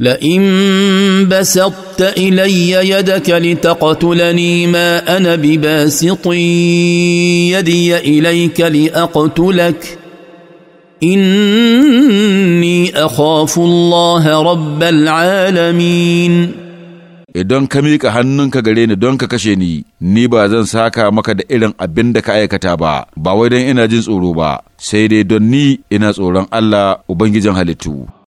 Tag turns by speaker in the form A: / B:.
A: لئن بسطت الي يدك لتقتلني ما انا بباسط يدي اليك لاقتلك inni akhafullaha
B: rabbal
C: alamin idan ka miƙa hannunka gare ni don ka kashe ni ni ba zan saka maka da irin abin da ka aikata ba ba wai don ina jin tsoro ba sai dai don ni ina tsoron Allah ubangijin halittu